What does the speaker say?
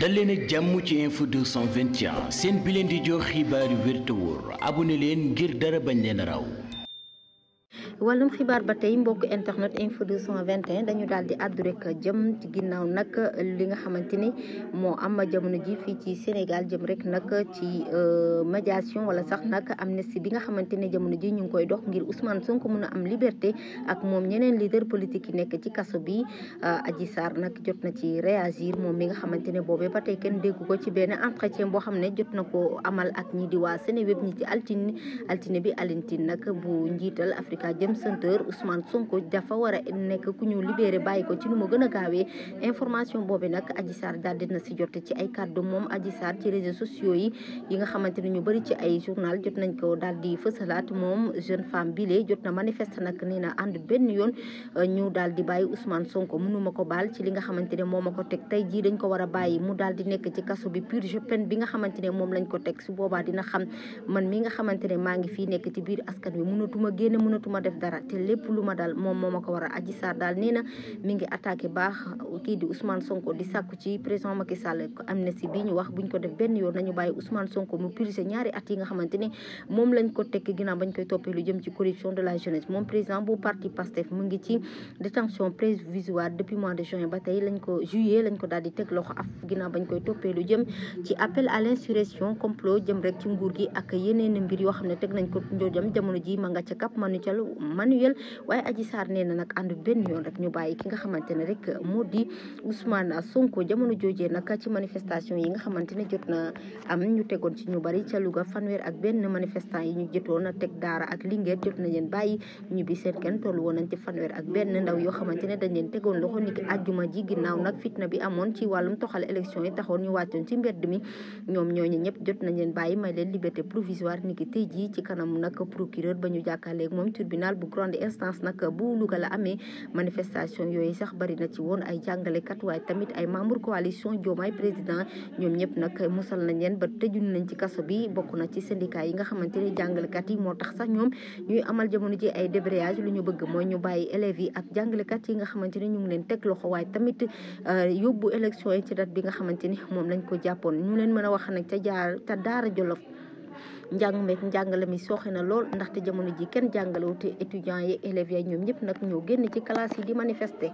dal leen ak jàmm ci info 221 seen bi leen di jox xibaaru yu abu te leen ngir dara bañ leen raw wala xibaar ba tey mbokk internet info son vingt 221 dañu daal di àddu rek jëm ci ginnaaw nag li nga xamante ni moo am jamono ji fii ci Sénégal jëm rek nag ci euh, médiation wala sax nag amnistie bi nga xamante ne jamono ji ñu ngi koy dox ngir Ousmane Sonko mën a am liberté ak moom ñeneen leader politique yi nekk ci kaso bi euh, Adji saar nag jot na ci réagir moom mi nga xamante ne boobee ba tey kenn déggu ko ci benn entretien boo xam ne jot na ko amal ak ñi di waa Seneweb ñi ci altine altine bi Alioune Tine nag bu njiital Africa dem centre Ousmane Sonko dafa war a nekk ku ñu libéré bàyyi ko ci nu mu gën a gaawee information boobu nag Adji Sarr daal dina si jot ci ay kàddu moom Adji ci réseaux sociaux yi nga xamante ñu bëri ci ay journal jot nañ ko daal di fësalaat moom jeune femme bile jot na manifeste nag nee ànd benn yoon ñu daal di bàyyi Ousmane Sonko mënuma ko baal ci li nga xamante ne moo ma ko teg tey jii dañ ko war a bàyyi mu daal di nekk ci kaso bi purge peine bi nga def dara te lépp lu ma dal moom moo ma ko war a Adji Sarr daal nee na mi ngi attaqué baax kii di Ousmane Sonko di sàkku ci président Macky Sall amnistie bi ñu wax buñ ko def benn yoon nañu bàyyi Ousmane Sonko mu purgé ñaari at yi nga xamante ne moom lañ ko de la jeunesse moom président bu parti Pastef mu ngi ci détention provisoire depuis teg loxo bañ koy toppee jëm ci appel à l'insurrection complot jëm rek ci nguur gi ak yeneen mbir yoo xam ne teg nañ ko njoojam jamono ji ma nga ca Cap Manuel manuel waaye Adji saar nee na nag ànd benn yoon rek ñu bàyyi ki nga xamante ne rek moo di Ousmane Sonko jamono joojee nag ci manifestation yi nga xamante ne jot na am ñu tegoon ci ñu bari ca Louga fanweer ak benn manifestant yi ñu jotoon a teg daara ak Linguère jot na leen bàyyi ñu bi seen kenn tollu woon nañ ci fanweer ak benn ndaw yoo xamante ne dañ leen tegoon loxo niki àjjuma ji ginnaaw nag fitna bi amoon ci wàllum toxal élection yi taxoon ñu wàccoon ci mbedd mi ñoom ñooñu ñëpp jot nañ leen bàyyi may leen liberté provisoire niki tey jii ci kanam nag procureur ñu jàkkaarleeg moom tribunal régional bu grande instance nag bu Louga la amee manifestation yooyu sax bari na ci woon ay jàngalekat waaye tamit ay membre coalition Diomaye président ñoom ñëpp nag musal nañ leen ba tëjun nañ ci kaso bi bokk na ci syndicat yi nga xamante ne jàngalekat yi moo tax sax ñoom ñuy amal jamono ji ay débrayage lu ñu bëgg mooy ñu bàyyi élèves yi ak jàngalekat yi nga xamante ne ñu ngi leen teg loxo waaye tamit euh, yóbbu élection yi ci date bi nga xamante ni moom lañ ko jàppoon ñu leen mën a wax nag ca jaar ca daara Jolof njàng meek njàngale mi sooxe na lool ndaxte jamono ji kenn jàngalewu te étudiants yi élèves yi ñoom ñëpp nag ñoo génn ci classe yi di manifester.